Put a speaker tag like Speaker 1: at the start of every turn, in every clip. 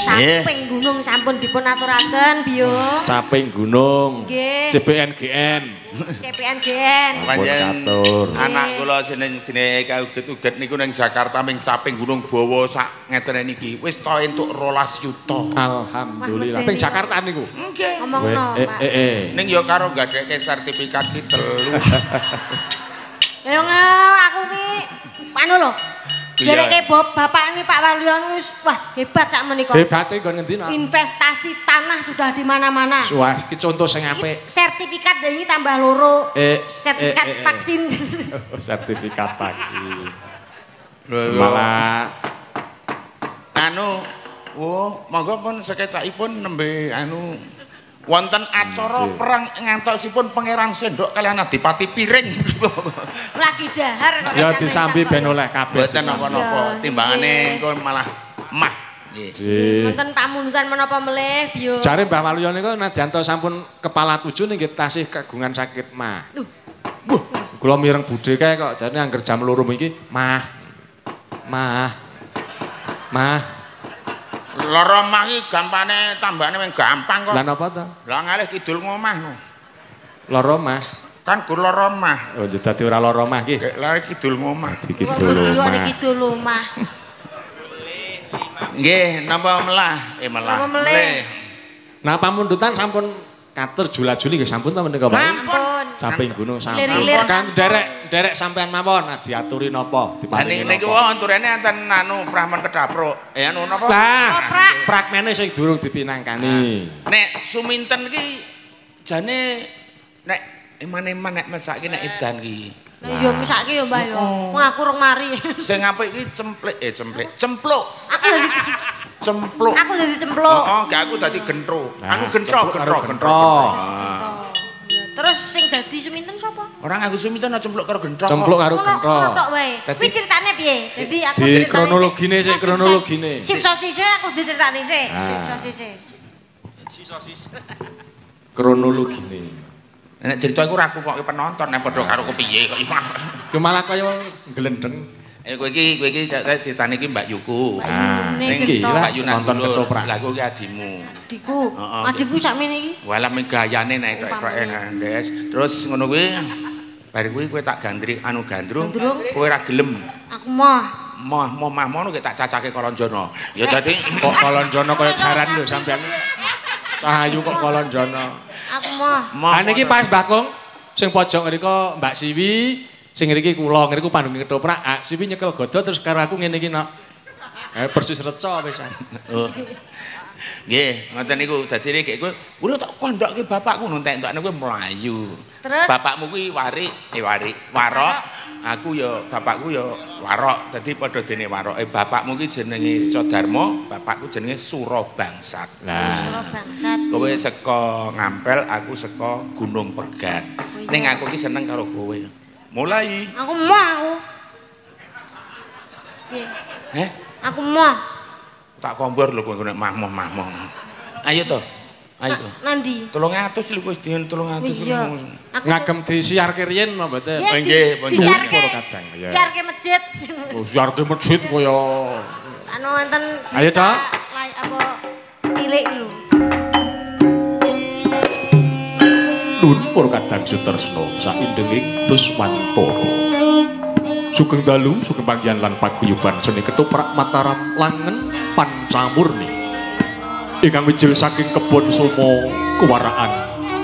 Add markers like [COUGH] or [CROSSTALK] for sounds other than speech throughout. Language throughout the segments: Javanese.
Speaker 1: Caping Gunung sampun dipun aturaken, Biyo.
Speaker 2: Caping Gunung. Nggih. CPNGN.
Speaker 1: CPNGN. Panjenengan matur. Anak kula
Speaker 2: jenenge Kauget-uget niku ning Jakarta ming Caping Gunung bawa sak ngetene niki. Wis to entuk 12 yuta. Alhamdulillah. Ping Jakarta niku.
Speaker 1: Nggih. Ngomongno. Heeh.
Speaker 2: Eh, eh. Ning yo karo gadheke sertifikat ki telu.
Speaker 1: Ayo aku ki panu lho. Jadi kayak bapak ini Pak Walion wis wah hebat sak menikah. Hebat ya eh, ngendi Investasi tanah sudah di mana-mana. Wah,
Speaker 2: ki contoh sing apik.
Speaker 1: Sertifikat ini tambah loro. Eh, sertifikat eh, eh, eh. eh. vaksin.
Speaker 2: [LAUGHS] sertifikat vaksin. Loh, malah anu Oh, monggo pun sekecakipun nembe anu wonten acara Jee. perang ngantosipun pangeran sendok kalian adipati piring
Speaker 1: [LAUGHS] lagi dahar ya
Speaker 2: disambi ben oleh kabeh mboten napa timbangane engko malah mah nggih wonten
Speaker 1: pamundutan menapa melih yo jare
Speaker 2: Mbah Waluyo niku najan sampun kepala tujuh niki tasih kagungan sakit mah uh. kula mireng budhe kae kok jane angger jam loro iki mah mah mah, mah. Lara omah iki gampane tambane wing gampang kok. Lah napa to? Lah ngalih kidul ngomah no. Lara Kan gur lara omah. Oh, jadi dadi ora lara omah iki. Lari kidul ngomah. Kidul omah.
Speaker 1: Kidul ngomah. omah.
Speaker 2: Nggih, napa melah? Eh melah. Napa melih? Napa mundutan sampun Katur jula-juli nggih sampun ta menika, Pak? Sampun. Samping gunung sampun. Kan derek derek sampean mawon diaturi napa? Dipateni Niki wong enten nanu Brahman Kedaprok. Ya eh, anu napa? prak. Prak sing durung dipinangkani. Nek suminten iki jane nek eman-eman nek masak iki nek edan iki. Nah yo misake yo mbak yo. Wong aku rong mari. [LAUGHS] Sing apik iki cemplik eh cemplik. Cempluk. Aku dadi [LAUGHS] cempluk. Aku dadi cempluk. Heeh, gak aku dadi gentro. Aku gentro, gentro, gentro.
Speaker 1: Terus sing dadi suminten sapa? Orang
Speaker 2: aku suminten nak cempluk karo gentro. Cempluk karo gentro. Kok wae. Kuwi
Speaker 1: critane piye? Dadi aku critane. Di kronologine
Speaker 2: sik kronologine.
Speaker 1: Sipsosise aku diceritani sik. Sipsosise. Sipsosise.
Speaker 2: Kronologine. Nek cerita iku ra kumpulke penonton nek padha karo kepiye kok iku. Yo malah kaya glendeng. Eh kowe iki kowe iki critane iki Mbak Yuku. Ah, ning Mbak Yuna dulu. Lah kowe iki adimu. Adikku. Adikku sakmene iki. Walah megayane nek tok-toke ngandes. Terus ngono kuwi bari kuwi kowe tak gandri anu gandrung kowe ra gelem.
Speaker 1: Aku mah
Speaker 2: mah mah mono tak cacake kolonjono. Ya eh. dadi kok kolonjono kaya jaran lho Cahayu kok kolonjono.
Speaker 1: aku mau.
Speaker 2: Ha niki pas Mbah Kung sing pojok ngriku Mbak Siwi, sing ngriki kula ngriku pandungi ketoprak. Ah, Siwi nyekel godho terus karo aku ngene iki nak. Eh, persis reca wisan. Oh. Nggih, ngoten niku dadi nek kowe kudu tak kandokke bapakku nuntek entokne kowe mlayu. Terus bapakmu kuwi warik, eh warik, warok. Aku ya bapakku ya warok. Dadi padha dene warok. Eh bapakmu kuwi jenenge Sodarmo, bapakku jenenge Surabangsat. Lah,
Speaker 1: Surabangsat. Kowe
Speaker 2: seko ngampel, aku seko Gunung Pegat. Oh Ning aku ki seneng karo kowe. Mulai.
Speaker 1: Aku mau. Nggih. Eh? Aku mau.
Speaker 2: tak kompor lho kok nek mahmuh mahmuh ayo to ayo to nandi 300 wis dien 300 ngagem disiarke riyen napa mboten nggih disiarke kadang ya disiarke masjid oh disiarke masjid kaya
Speaker 1: anu wonten ayo cok apa tilik lho
Speaker 2: Dunpur kadang sutersno saindenging Puswantoro sugeng dalu sugeng bagian lan paguyuban seni ketoprak mataram langen pancamurni Ikan wijil saking kebon sumo kewaraan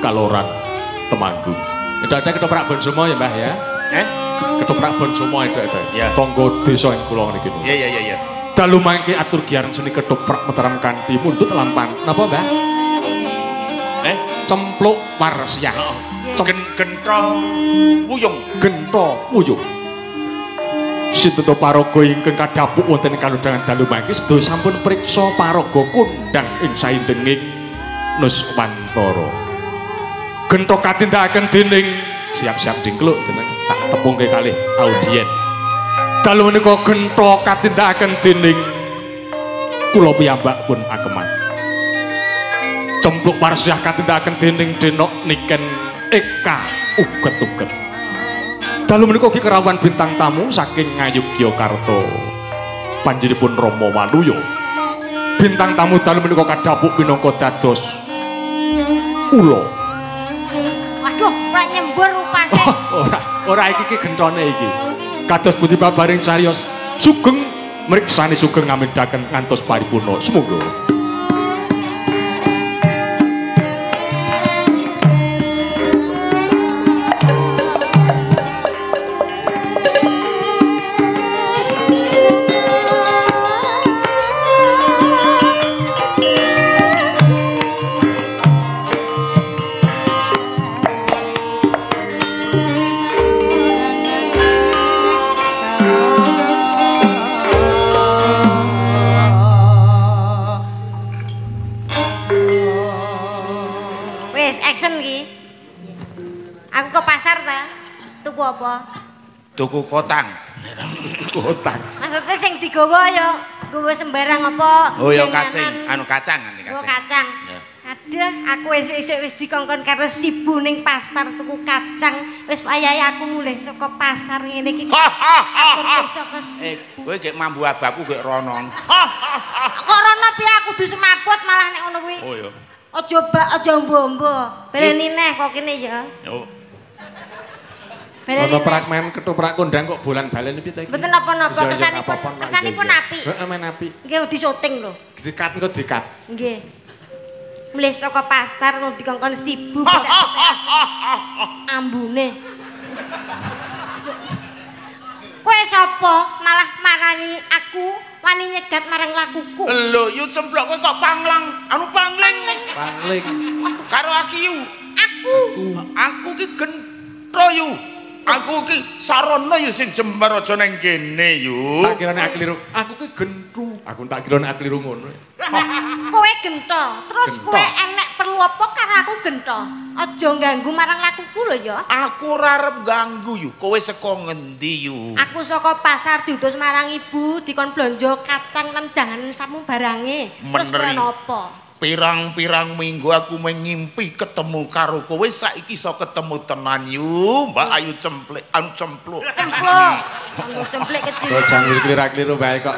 Speaker 2: kaloran temanggung ada ada ketoprak bon sumo ya mbah ya eh ketoprak bon sumo itu ada ya. tonggo desa yang kulon ini gini ya ya ya ya dalu mangke atur giaran seni ketoprak mataram kanti mundut lampan napa mbah eh cempluk marsiah oh. Cem wuyung gentong wuyung sinten to paraga ingkang kadhapuk wonten kaludangan dalu mangkis do sampun priksa paraga kondang ing saindenging Nuswantara gento katindakaken dening siap-siap dingkluk jeneng tak tepung kalih audien dalu menika gento katindakaken dening kula piyambak pun akeman cempluk parsiah katindakaken dening denok niken eka uget-uget dalu menika ugi kerawan bintang tamu saking Ngayogyakarta. Panjenipun Rama Waluya. Bintang tamu dalu menika kadhapuk minangka dados ula.
Speaker 1: Aduh, ora nyembur rupane.
Speaker 2: Oh, ora, ora iki ki genthone iki. Kados pundi babaring cariyos sugeng mriksani sugeng ngamedaken ngantos paripurna. Sumangga.
Speaker 1: Jackson Aku ke pasar ta. Tuku apa?
Speaker 2: Tuku kotang. kotang.
Speaker 1: Maksudnya sing digawa ya, gawa sembarang apa? Oh ya
Speaker 2: kacang, anu kacang nanti oh, kacang. Gua kacang. Ya.
Speaker 1: Aduh, aku wis isuk wis dikongkon karo sibu ning pasar tuku kacang. Wis ayahe aku mulai saka pasar ngene iki. Eh,
Speaker 2: kowe gek mambu abaku gek ronon.
Speaker 1: Kok rono piye aku kudu semaput malah nek ngono kuwi. Oh ya. Ojo bak, ojo mbombo. Beleni neh kok kene ya. Yo. Ono
Speaker 2: pragmen ketoprak kondang kok bulan baleni pita iki. Mboten
Speaker 1: apa-apa, kesanipun pun apik. Heeh, men apik. Nggih, di syuting lho.
Speaker 2: Dikat engko dikat.
Speaker 1: Nggih. Mlis saka pasar nang dikongkon sibu. Ambune. Kowe sapa malah marani aku? wani nyegat marang lakuku. Lho, yu cemplok kok panglang, anu pangling.
Speaker 2: Pangling. Aku karo aku. Aku. Aku ki gentro yu. Aku ki sarana ya sing jembar aja nang kene yu Tak kirane akliru. Aku ki gentu. Aku tak kirane akliru ngono.
Speaker 1: Kowe gento. Terus kowe enek perlu apa karo aku gento? Aja ganggu marang lakuku lho ya.
Speaker 2: Aku ora arep ganggu yu Kowe saka ngendi yu
Speaker 1: Aku saka pasar diutus marang ibu dikon blonjo kacang nang janganan sapu barange. Terus kowe nopo?
Speaker 2: pirang-pirang minggu aku mengimpi ketemu karo kowe saiki iso ketemu tenan yu mbak ayu cemplik anu cemplu
Speaker 1: cemplu anu cemplik kecil kok jangkul
Speaker 2: kelirak liru baik kok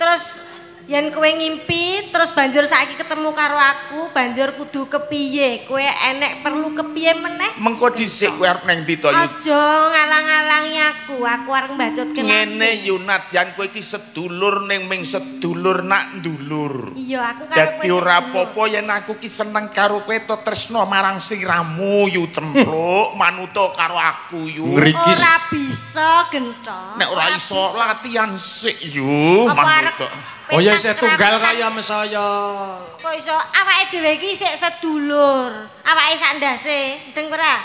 Speaker 1: terus yen kowe ngimpi terus banjur saiki ketemu karo aku banjur kudu kepiye kowe enek perlu kepiye meneh
Speaker 2: mengko dhisik kowe arep nang dita
Speaker 1: aja ngalang-alangi aku aku arep mbacut kene ngene
Speaker 2: Yunat yen kowe iki sedulur ning ming sedulur nak dulur
Speaker 1: iya aku karo dadi ora
Speaker 2: apa-apa yen aku ki seneng karo kowe to tresno marang sliramu yu cempluk [LAUGHS] manuto karo aku yu Ngerikis. ora
Speaker 1: bisa gentong nek ora iso latihan
Speaker 2: sik yu manuto arek... Oya oh isih tunggal kaya ame Kok
Speaker 1: iso awake dhewe iki isih sedulur. Awake sak ndase, deng ora?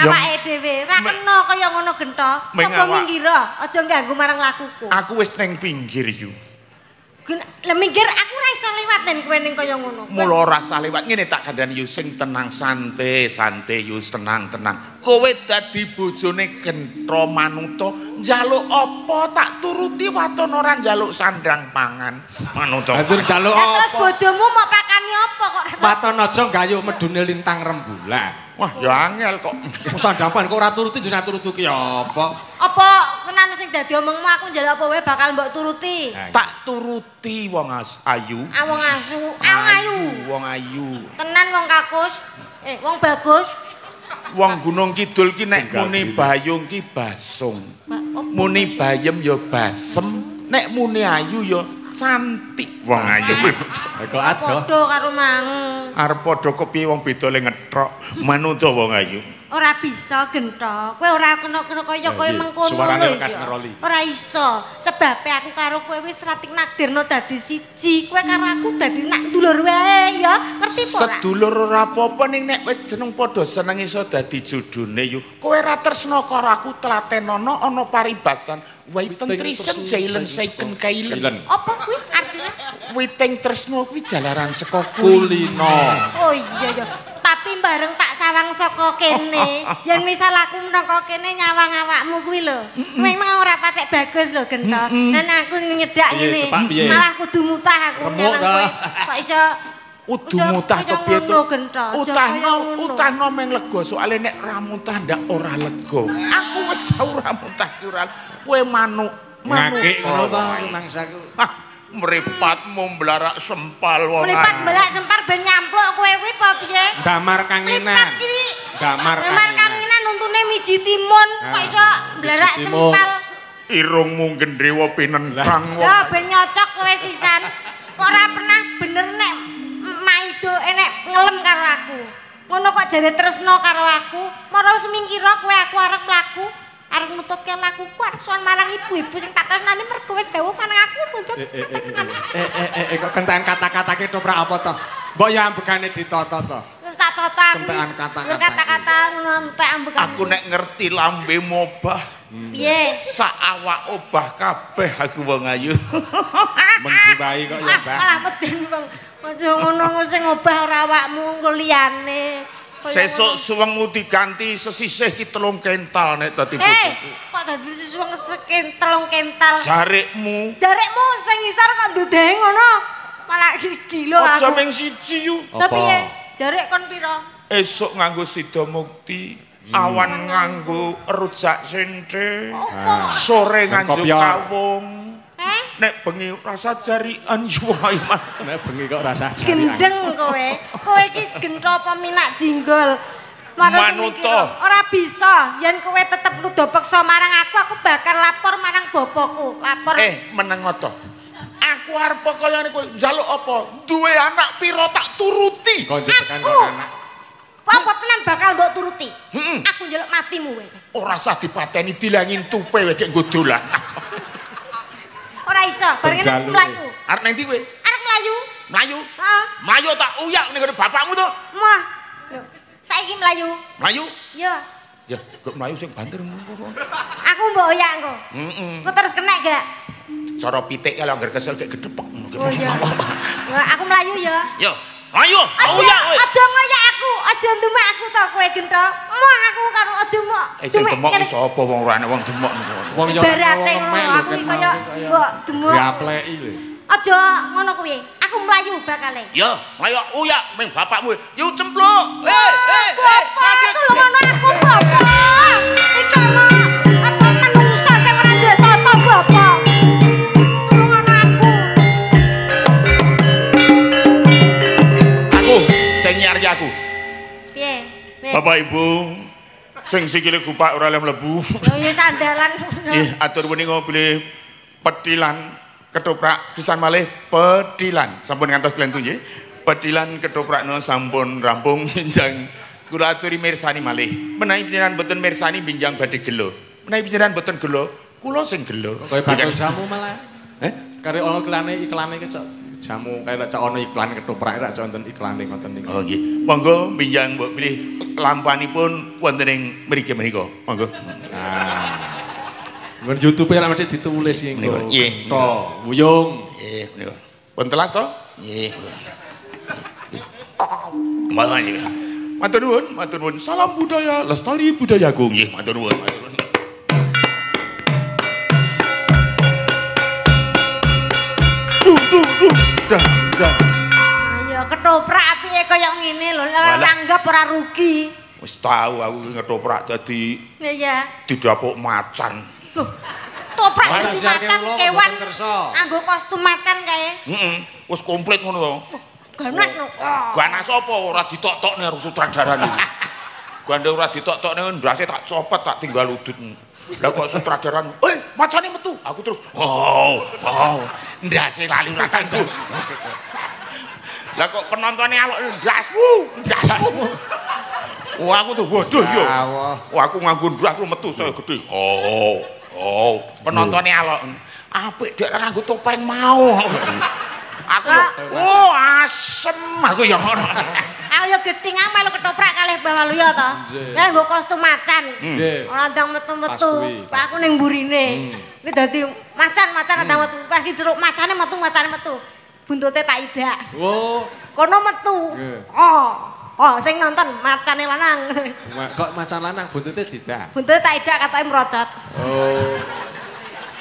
Speaker 1: Awake dhewe ora kena kaya ngono gento. Coba minggir, aja ganggu marang lakuku. Aku
Speaker 2: wis ning pinggir yu.
Speaker 1: Lah mikir aku ora iso liwat kowe ning kaya ngono. Mula
Speaker 2: ora usah liwat. Ngene tak gandani yu sing tenang santai, santai yu tenang-tenang. Kowe dadi bojone Gentro Manuto, njaluk apa tak turuti waton ora njaluk sandang pangan. Manuto. Anjir njaluk apa? Terus
Speaker 1: bojomu mau pakani apa kok?
Speaker 2: Waton aja gayuh medune lintang rembulan. Wah, ya angel kok. Sandang pangan kok ora turuti jenenge turuti ki apa?
Speaker 1: tenan sing dadi omongmu aku njaluk apa wae bakal mbok turuti.
Speaker 2: Tak turuti wong ayu. Ah wong asu, ah, ayu. Wong ayu.
Speaker 1: Tenan wong kakus. Eh wong bagus.
Speaker 2: Wong Gunung Kidul ki nek muni bayung ki basung. Oh, muni bayem ya basem, nek muni ayu ya cantik wong ayu. [LAUGHS] Kok ado. Padha
Speaker 1: karo mang.
Speaker 2: Arep padha kepiye wong beda le ngethok manut wong ayu.
Speaker 1: Ora bisa genthok. Kowe ora kena-kena kaya kaya mengkono lho. Ora iso. Sebab aku karo kowe wis rating nakdirno dadi siji. Kowe karo aku dadi nak dulur wae ya. Ngerti apa ora?
Speaker 2: Sedulur ora apa-apa ning nek wis jeneng padha seneng iso dadi judune yo. Kowe ora tresno karo aku telaten ana paribasan. Waiting tresno jailen
Speaker 1: saiken kailen. Apa kuwi
Speaker 2: artine? Waiting tresno kuwi jalaran saka kulino.
Speaker 1: Oh iya ya. tapi bareng tak sawang saka kene. Oh, oh, oh, Yang misal aku menoko kene nyawang awakmu kuwi lho. Memang ora patek bagus lho gento. Nang aku nyedak ngene. Malah kudu mutah aku nyawang kowe. Kok iso Udu mutah ke piye to? Utah no, meng lego soalnya
Speaker 2: nek ramutah ndak ora lego. Aku wis tau ramutah ki ora. Kowe manuk, manuk. Ngake ngono mripat mumblarak sempal wong. Mripat mblak
Speaker 1: sempal ben nyampluk kowe kuwi apa piye?
Speaker 2: Damar kanginan.
Speaker 1: Damar kanginan nuntune miji timun kok ah, iso mblarak sempal.
Speaker 2: Irungmu gendrewa pinentang wong. Lah ben
Speaker 1: nyocok kowe sisan. Kok ora pernah bener nek maido enek eh, ngelem karo aku. Ngono kok jare tresno karo aku, marang semingkira kowe aku arep mlaku. arep nututke lakuku arep sowan marang ibu-ibu sing tak tresnani mergo wis dawuh marang aku eh, eh, eh, njot.
Speaker 2: Eh eh eh kok kentekan kata-katake toprak apa to? Mbok ya ambegane ditata to.
Speaker 1: Wis tak tata. Kentekan kata-kata. Kata-kata ngono entek ambegane. Aku nek
Speaker 2: ngerti lambe mobah. Piye?
Speaker 1: Sak awak obah
Speaker 2: kabeh aku wong ayu. [LAUGHS] Menjiwai kok ya, Mbak. Malah
Speaker 1: medeni wong. Aja ngono sing obah ora awakmu liyane. Seso
Speaker 2: suwengmu diganti sesisih ki telung kental nek dadi eh, bojoku. Eh,
Speaker 1: kok dadi suweng sekin telung kental? Jarikmu. Jarikmu sing ngisor kok ndudeng ngono. Malah gigi lho aku. Aja ming siji yu. Tapi ya, jarik kon pira?
Speaker 2: Esuk nganggo sidomukti, hmm. Awan nganggo rujak sente, sore nganjuk kawung, Nek bengi rasa jari anjuwai mah. Nek bengi kok rasa jari Gendeng
Speaker 1: kowe. Kowe ki gento peminak jinggol.
Speaker 3: Manuto.
Speaker 1: Ora bisa. Yen kowe tetep nudo peksa marang aku, aku bakal lapor marang bapakku. Lapor. Eh, meneng oto. Aku harap pokoknya ini kowe jaluk apa? Dua anak piro tak turuti.
Speaker 2: aku.
Speaker 1: anak. tenan bakal mbok turuti? Hmm. Aku njaluk matimu kowe. Ora oh, dipateni dilangin tupe wek nggo dolan. [LAUGHS] raisa, bareng nek mlayu. Arep nang ndi kowe? Arep mlayu. Mlayu? Heeh.
Speaker 2: Mlayu tak uyak ning bapakmu to.
Speaker 1: Mah. Saiki mlayu. Mlayu? Iya.
Speaker 2: Ya, kok mlayu sing banter
Speaker 1: Aku mbok uyak engko. Heeh. Putus kenek gak?
Speaker 2: Cara pitik kalau anggar kesel kayak gedepek.
Speaker 1: Oh iya. aku mlayu ya. Yo. Ayo, aku ya. Aja ngoyak aku, aja ndumek aku to kowe gento. Mau aku karo aja mok.
Speaker 2: Eh demok iso apa wong ora ana wong demok. Wong yo berate aku kaya mbok demok. Diapleki
Speaker 1: Aja ngono kuwi. Aku mlayu bakale. Yo, mlayu uyak ming bapakmu. yu cempluk. Hei, hei, hei. Bapak, aku lu ngono
Speaker 2: aku bapak. Bapak Ibu, sing sikile gupak ora lem lebu. Loh
Speaker 1: ya sandalan. Ih,
Speaker 2: atur muni ngobli pedilan ketoprak pisan malih pedilan. Sampun ngantos kalian tuh nggih. Petilan ketoprak no sampun rampung [LAUGHS] njang kula aturi mirsani malih. Menawi pinjenan boten mirsani binjang badhe gelo. Menawi pinjenan boten gelo, kula sing gelo. Kaya bakal jamu malah. Eh? Kare ana kelane iklane kecok. jamu kae lek ana iklan ketoprak rak wonten iklane wonten niku. Oh nggih. Monggo pinjang mbok pilih lampuanipun wonten ing mriki menika. Monggo. Ah. Men YouTube-e ra mesti ditulis ing niku. Nggih. To, wuyung. Nggih, niku. Pun telas to? Nggih. Matur nuwun, matur nuwun. Salam budaya, lestari budayaku. Nggih, matur nuwun, matur nuwun. Ayo ah,
Speaker 1: ya ketoprak piye kaya ngene lho langgap ora rugi.
Speaker 2: Wis tahu aku ngetoprak dadi ya. Didapuk macan. Lho,
Speaker 1: Toprak macan
Speaker 2: kewan kersa.
Speaker 1: Anggo kostum macan kae.
Speaker 2: Heeh. Wis komplit ngono to. Ganas oh, lho. Ganas opo, ora ditok-tokne harus sutradarane. [LAUGHS] Gandeng ora ditok-tokne tak copet tak tinggal udut. Lah kok sutradaran, "Eh, macane metu." Aku terus, "Wow, wow. Ndase lali ratanku." Lah kok penontonnya alok ndasmu, ndasmu. Wah oh, aku tuh waduh yo. Wah oh, aku nganggur dua aku metu saya gede. Oh, oh. Penontonnya alok. Apa dia nganggur topeng mau? aku
Speaker 1: oh asem
Speaker 2: aku ya ngono
Speaker 1: aku ya geting ame ketoprak kalih bawa lu ya to ya nggo kostum macan hmm. ora ndang metu-metu pak aku ning burine hmm. kuwi dadi macan macan ndang hmm. metu pas ki jeruk macane metu macane metu buntute tak idak wo oh. kono metu oh Oh, sing nonton macane lanang.
Speaker 2: Kok macan lanang buntute tidak?
Speaker 1: Buntute tak idak katanya merocot.
Speaker 2: Oh.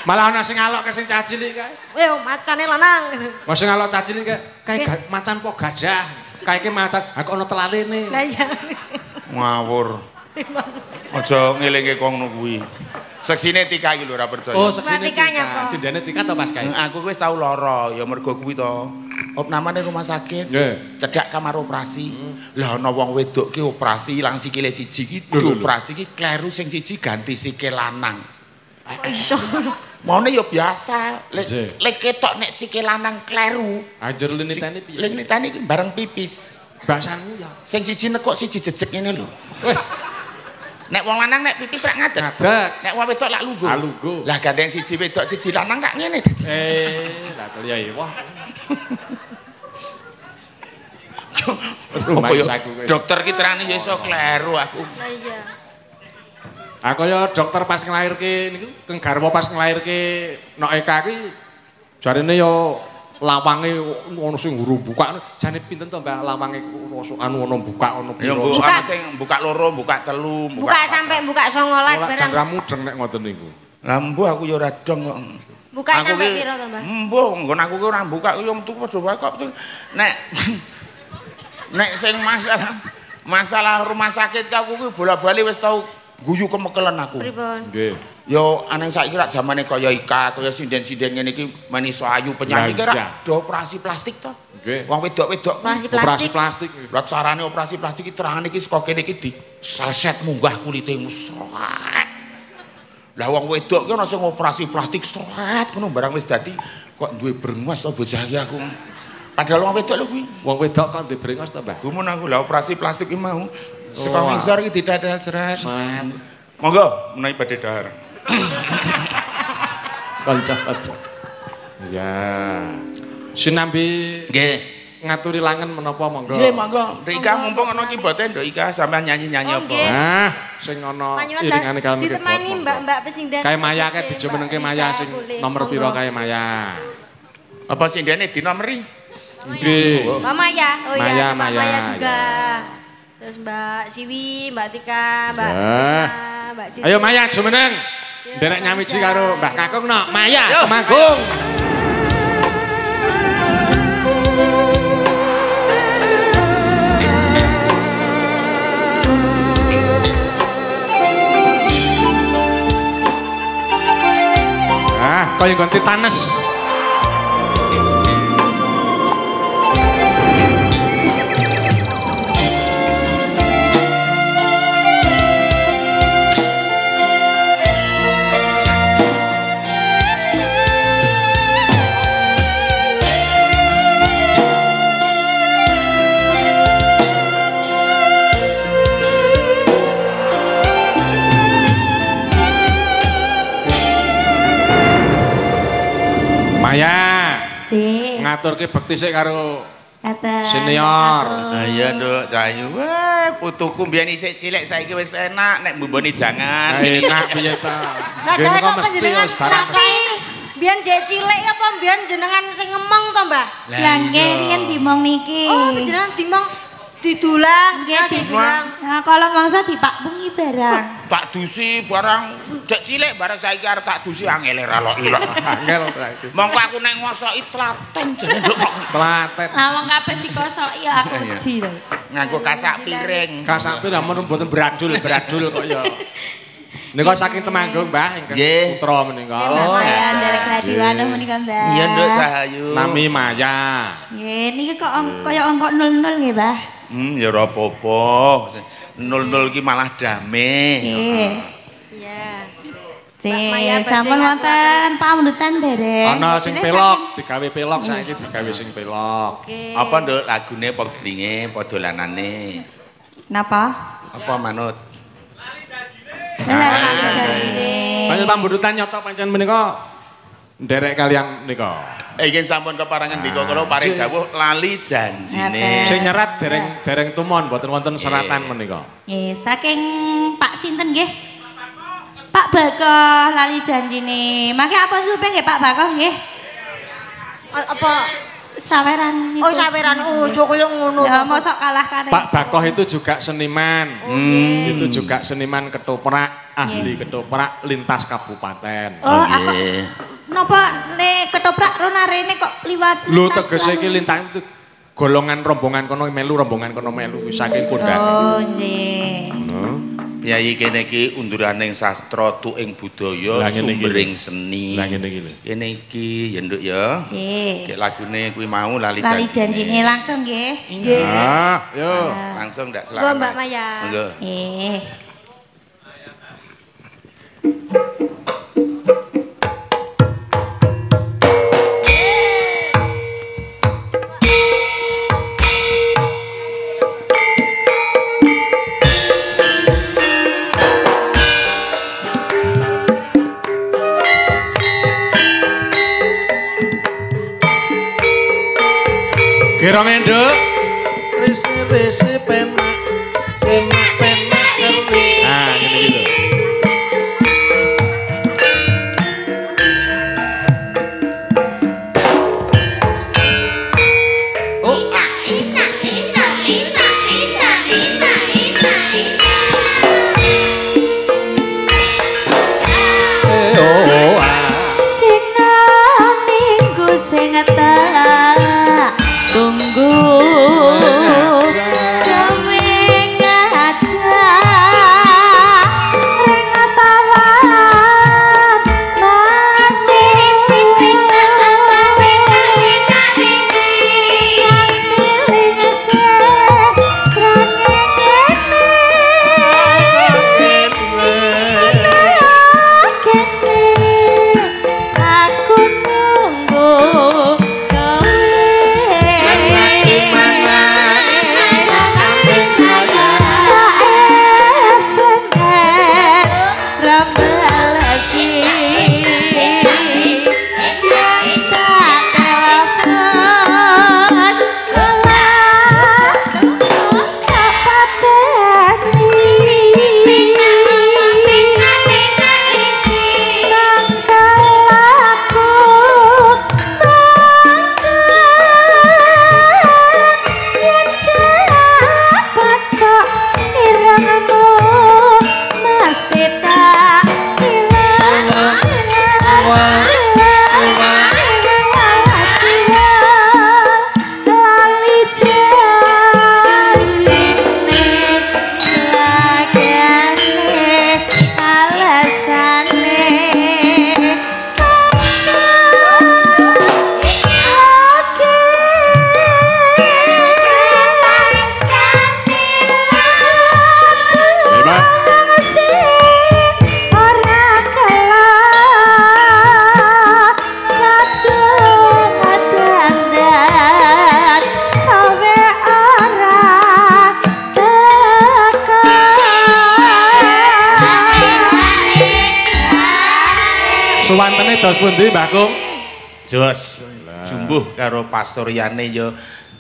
Speaker 2: Malah ana sing alok ke sing cacili kae.
Speaker 1: Yo eh, oh, macane lanang.
Speaker 2: Mas oh, sing alok cacili kae
Speaker 1: kae macan po
Speaker 2: gajah. Kae iki macan aku ana telalene. Lah iya. Ngawur. Aja ngelingke kong ngono kuwi. Seksine tika iki lho ora percaya. Oh, seksine tika. tika. Sindene tika to pas kae. Hmm, aku wis tau lara ya mergo kuwi to. Op namane rumah sakit. Yeah. Cedak kamar operasi. Hmm. Lah ana wong wedok ki operasi ilang sikile siji ki, operasi ki kleru sing siji ganti sikil lanang.
Speaker 1: Oh, iso. Maune
Speaker 2: yuk ya biasa. Lek
Speaker 1: lek ketok nek sikil lanang kleru.
Speaker 2: ajar linitane piye? lini iki bareng pipis. Bangsanmu ya. Sing siji kok siji jejeg ngene lho. Weh. Nek wong lanang nek pipis rak ngadeg. Ngadeg. Nek wong wedok lak lungguh. Lak lungguh. Lah gandeng siji wedok siji lanang rak ngene Eh, lah [LAUGHS] ya wah. Rumah saku. Dokter ki terane ya iso kleru aku. Lah iya. Aku ah, ya dokter pas ngelahirke niku teng garwa pas ngelahirke nok Eka kuwi jarene ya lawange ono sing guru buka jane pinten to Mbak lawange rusuk anu ono buka ono piro buka sing buka loro buka telu buka buka
Speaker 1: sampe buka 19 barang jangka
Speaker 2: mudeng nek ngoten niku lambu aku ya ora dong kok
Speaker 1: buka sampe piro to Mbak
Speaker 2: mbuh nggon aku ki ora buka ya metu padha wae kok nek [LAUGHS] nek sing masalah masalah rumah sakit aku ki bola-bali wis tau guyu kemekelan aku. Yo aneh kira zaman ini kaya Ika, kaya sinden-sinden ini iki ayu penyanyi Kira, do operasi plastik tuh? Nggih. Wong wedok-wedok operasi plastik. Operasi plastik. operasi plastik itu, terangan ini saka ini iki di seset munggah Lah wong wedok ki ana operasi plastik sret kuno barang wis dadi kok duwe beringas toh bocah iki aku. Padahal wong wedok lho kuwi. Wong wedok kan duwe brengas to, Mbah? Gumun aku lah operasi plastik ini mau Saka ngisor tidak ada serat. Monggo menaik pada dahar. Kanca-kanca. Ya. Sinambi G. ngaturi langen menopo monggo. Nggih, monggo. Ndek Ika mumpung ana kibate do Ika ah, sampean nyanyi-nyanyi oh, apa? Nah, sing ana iringane kalem kibot. Ditemani
Speaker 1: Mbak-mbak pesindan. Kayak
Speaker 2: Maya kayak dijumenengke Maya sing nomor piro kayak Maya. Apa sih dinomeri? Nggih. Oh,
Speaker 1: Mama ya. Oh iya, Maya.
Speaker 2: Maya juga.
Speaker 1: Terus Mbak Siwi, Mbak Tika, Mbak Risma, Mbak Cici. Ayo Maya
Speaker 2: jumeneng. Iya, Derek nyamiji karo Mbah Kakung no. Maya, Kemanggung. Ah, kau yang ganti tanes. ngaturke bekti sik karo senior. Iya, Nduk, Cahyu. Wah, putuku mbiyen isik cilik saiki wis enak, nek mbumboni jangan. Enak piye ta? Nek kok jenengan tapi
Speaker 1: Biar jek cilik apa biar jenengan sing ngemong to, Mbah? Lah nggih, riyen dimong niki. Oh, jenengan dimong didulang nggih okay, didulang nah, kalau mangsa dipak bungi barang
Speaker 2: pak dusi barang dek cilik barang saiki arep tak dusi angel ora lok ilok [LAUGHS] angel mongko aku nek ngosoki tlaten jane nduk kok tlaten lah wong kabeh dikosoki ya aku uji to nganggo kasak piring kasak piring amun mboten beradul beradul kok ya Niko saking Temanggung, Mbah, ingkang putra menika. Oh, ya nderek radi wanuh menika,
Speaker 3: Mbah. Iya, Nduk
Speaker 2: Cahayu. Nami Maya.
Speaker 3: Nggih, niki kok kaya angka 00 nggih, Mbah.
Speaker 2: Hmm, ya ora apa-apa. Nul-nul iki malah dame.
Speaker 3: Iya. Cek, sampun wonten pamundutan bareng. Ana sing pelok,
Speaker 2: digawe pelok saiki digawe sing pelok. Apa nduk lagune pengringe padha lanane?
Speaker 3: Napa?
Speaker 2: Apa manut? Lali jajine. Lali jajine. Panjenengan pamundutan nyoto pancen menika nderek kalian nika. Ingin eh, sampun keparangan ah. nika kula paring dawuh lali janjine. Sing nyerat dereng dereng tumon mboten wonten seratan menika.
Speaker 3: Nggih, saking Pak sinten nggih? Pak Bakoh lali janjine. Mangke apa supe nggih
Speaker 1: Pak Bakoh nggih? Apa saweran Oh, saweran. Oh, aja kaya ngono. Ya mosok kalah kare. Pak
Speaker 2: Bakoh itu juga seniman. Oh, itu juga seniman ketoprak, ahli ketoprak lintas kabupaten. Oh, okay. Oh,
Speaker 1: Napa ne ketoprak ronare ne kok liwat lintas? Lu tegese iki lintang
Speaker 2: golongan rombongan kono melu rombongan kono melu saking kondangan. Oh
Speaker 1: nggih.
Speaker 2: Hmm. Piyayi kene iki unduraning sastra tuing budaya sumbering seni. Lah ngene iki. Kene iki ya nduk ya. Nggih. lagune kuwi mau lali janji. Lali janjine
Speaker 1: langsung nggih. Nggih.
Speaker 2: Ah, yo. Ah. Langsung ndak selamat. Mbak Maya.
Speaker 1: Nggih.
Speaker 2: karo pastoryane ya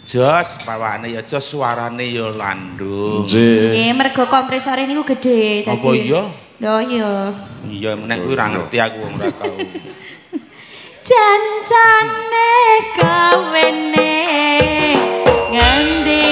Speaker 2: jos bawane ya jos suarane ya landung nggih
Speaker 3: mergo kompresore niku gedhe tadi apa iya lho iya
Speaker 2: iya nek kuwi ora ngerti aku wong ora tau
Speaker 3: [LAUGHS] jancane kawene ngendi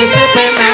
Speaker 3: Mississippi.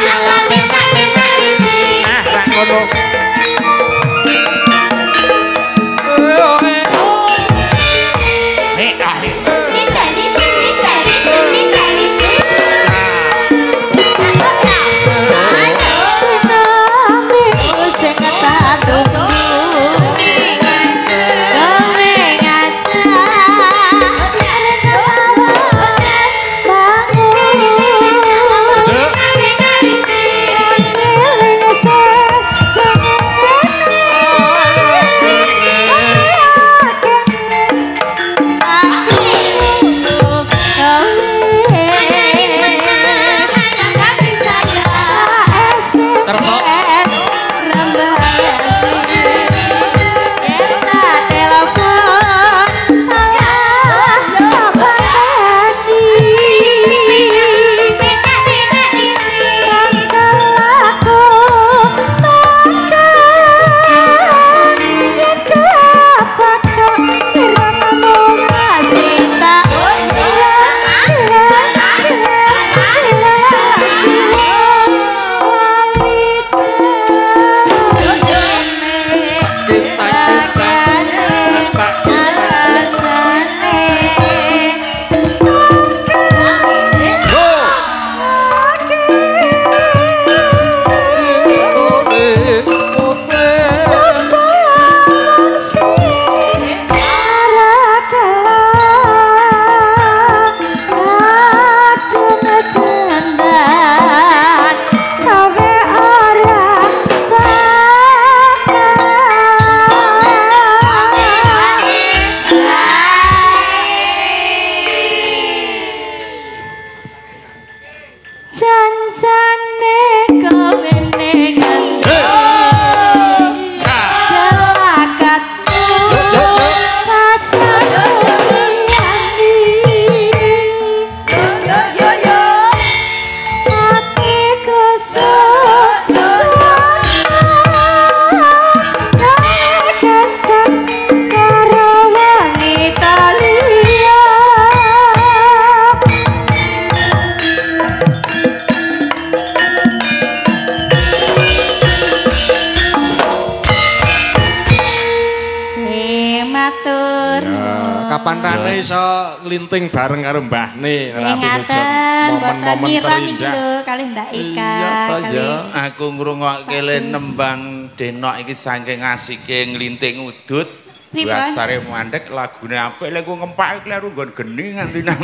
Speaker 3: ngira kali ndak Eka. Iya ta ya,
Speaker 2: aku ngrungokke le nembang denok iki saking asike nglinting udut. Biasane mandek lagune apik le ku ngempak iki nggon geni nganti [LAUGHS] nang.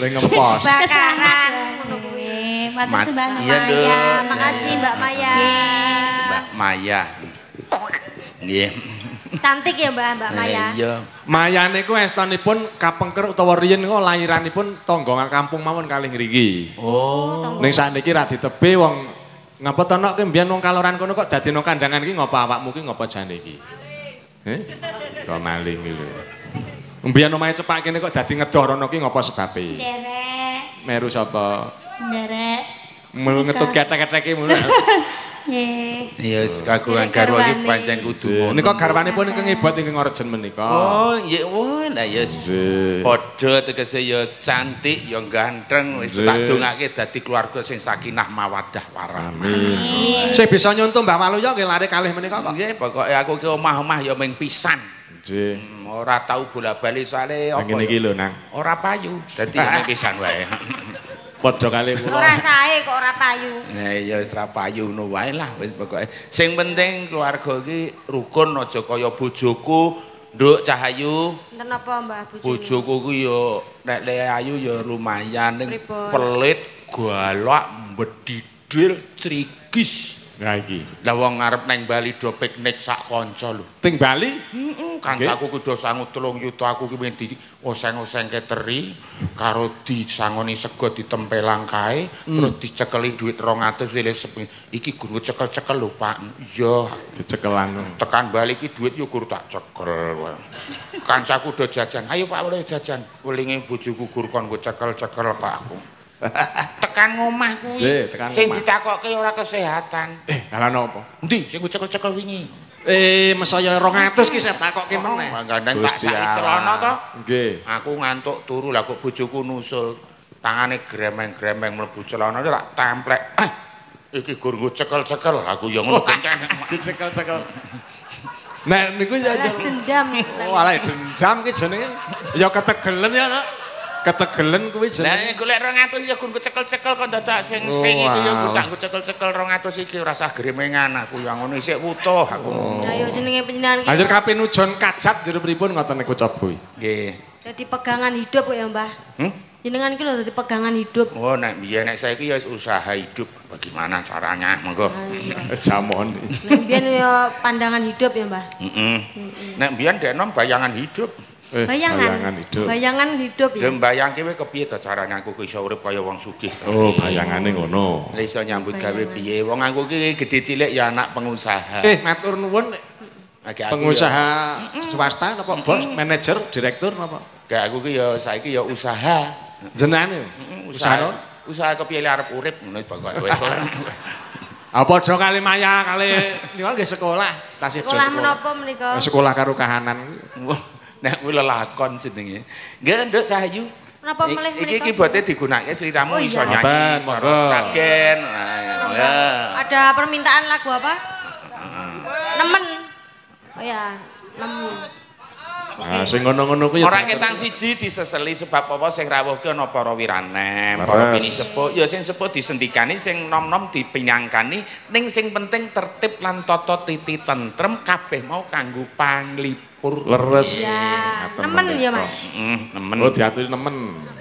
Speaker 2: Le ngempos.
Speaker 1: Kesanan ngono kuwi. Matur Mbak Maya. Makasih Mbak Maya.
Speaker 2: Mbak Maya. Nggih.
Speaker 1: Cantik ya Mbak, Mbak eh, Maya.
Speaker 2: Iya. Maya niku estanipun kapengker utawa riyen niku lairanipun tonggongan kampung mawon kalih ngriki. Oh. oh Ning sakniki ra ditebe wong ngapa ta nek mbiyen wong kaloran kono kok dadi nang kandangan iki ngapa awakmu ki ngapa jane iki? He? Heh? maling iki lho. Mbiyen omahe cepak kene kok dadi ngedorono ki ngapa sebabe? Derek. Meru sapa? Derek. Mulu ngetut ketek-keteki mulu. [LAUGHS]
Speaker 3: Nggih.
Speaker 2: Iya, kagungan garwa iki pancen kudu. Nika garwane pun ingkang hebat ingkang rejen menika. Oh, nggih, wah, oh, la ya. Padha tegese ya cantik, ya ganteng, wis tak dongake dadi keluarga sing sakinah mawadah warahmah. Sing bisa nyuntuh Mbah Walu ya nggih lare kalih menika kok. Nggih, pokoke aku ki omah-omah ya ming pisan. Nggih. Hmm, ora tahu bola-bali soalnya apa. Ngene iki lho, Nang. Ora payu, dadi ning pisan wae. [LAUGHS] Padha kali kula. Ora
Speaker 1: sae kok ora payu.
Speaker 2: Lah iya wis ora payu ngono wae lah wis pokoke. Sing penting keluarga iki rukun aja kaya bojoku, Nduk Cahayu.
Speaker 1: Enten apa Mbah bojoku? Bojoku
Speaker 2: ku yo nek le ayu yo lumayan pelit, galak, bedidil, crigis. Nah Lah wong ngarep nang Bali do piknik sak kanca lho. Ting Bali? Heeh, mm -mm, kancaku okay. kudu sangu 3 juta aku ki wingi oseng-oseng keteri karo disangoni sego ditempelang kae mm. terus dicekeli duit 200 wilih sepi. Iki guru cekel-cekel lho, Pak. Iya, cekelan. Tekan Bali ki duit yo guru tak cekel. kancaku do jajan. Ayo Pak, oleh jajan. Wilinge bojoku guru kon cekel-cekel kok aku. tekan ngomah kuwi. Si, tekan sing ditakokke ora kesehatan. Eh, dalan apa? Endi sing cekel-cekel wingi? Eh, mesaya 200 ki setakokke oh, meneh. Gandeng tak sak celana to. Aku ngantuk turu lah kok bojoku nusul. Tangane gremeng-gremeng mlebu celana tak templek. Eh, iki gur nggo cekel Aku ya ngono
Speaker 1: Dicekel-cekel. Oh, Nek niku ya dendam. Oh, ala
Speaker 2: dendam ki jenenge. Ya ketegelen ya, Nak. ketegelen kuwi jeneng. Lah iku lek 200 ya gun kecekel-cekel kok dadak sing sing iki ya gun tak kecekel-cekel 200 iki ora usah gremengan aku ya ngono isih utuh aku. Lah ya
Speaker 1: jenenge panjenengan iki. Anjir kape
Speaker 2: nujon kajat jero pripun ngoten niku cobo Nggih.
Speaker 1: Dadi pegangan hidup kok ya Mbah. Hmm? Jenengan iki lho dadi pegangan hidup.
Speaker 2: Oh nek biyen nek saiki ya usaha hidup bagaimana caranya monggo. Ah, [LAUGHS] Jamon.
Speaker 1: Nek biyen ya pandangan hidup ya Mbah.
Speaker 2: Heeh. Nek biyen dek nom bayangan hidup. Eh, bayangan. Bayangan hidup. Bayangan hidup ya. Mbayang kewe ke piye caranya aku bisa urip kaya wong sugih. Oh, bayangannya ngono. Lah iso nyambut gawe piye? Wong aku ki gedhe cilik ya anak pengusaha. Eh, matur nuwun. Pengusaha swasta napa mm -mm. bos, manajer, direktur napa? Kayak aku ki ya saiki ya usaha. Jenenge? Usaha. Usaha kepiye le arep urip ngono pokoke Apa ah, aja kali maya kali niku nggih sekolah, tasih sekolah. Sekolah menapa
Speaker 1: menika? Sekolah
Speaker 2: karo kahanan. Nek kuwi lelakon jenenge. Nggih nduk Cahyu.
Speaker 1: Napa melih Iki iki bote
Speaker 2: digunakake sliramu oh, iso iya. nyanyi cara sragen. Nah, iya, iya.
Speaker 1: Ada permintaan lagu apa? Nemen. Oh ya, nemu. Nah, sing ngono-ngono kuwi ya ora ketang
Speaker 2: siji diseseli sebab apa sing rawuhke ana para wiranem, para mini sepuh. Ya sing sepuh disendikani, sing nom-nom dipinyangkani, ning sing penting tertib lan tata titi tentrem kabeh mau kanggo panglip Leres. Iya. Ya, nemen ya Mas. Heeh, hmm, nemen. Oh diaturi nemen.